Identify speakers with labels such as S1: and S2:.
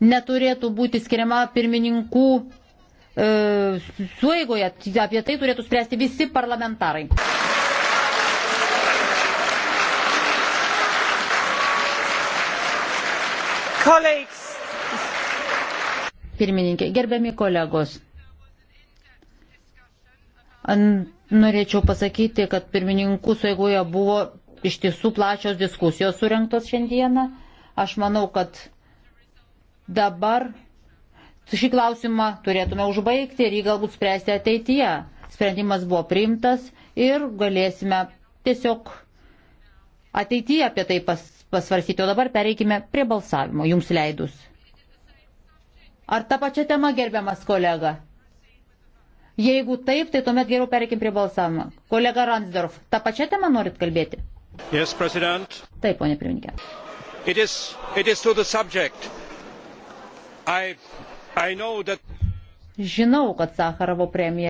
S1: neturėtų būti skiriama pirmininkų e, suėgoje. Apie tai turėtų spręsti visi parlamentarai. Colleagues. Pirmininkė, gerbiami kolegos. Norėčiau pasakyti, kad pirmininkų suėgoje buvo iš tiesų plačios diskusijos surinktos šiandieną. Aš manau, kad dabar šį klausimą turėtume užbaigti ir jį galbūt spręsti ateityje. Sprendimas buvo priimtas ir galėsime tiesiog ateityje apie tai pas, pasvarsyti. O dabar pereikime prie balsavimo, jums leidus. Ar ta pačia tema, gerbiamas kolega? Jeigu taip, tai tuomet geriau pereikim prie balsavimo. Kolega Ransdorf, tą pačią temą norit kalbėti?
S2: Yes, president.
S1: taip, ponė pirmininkė.
S2: It is, it is I, I that...
S1: Žinau, kad Sakarovo premija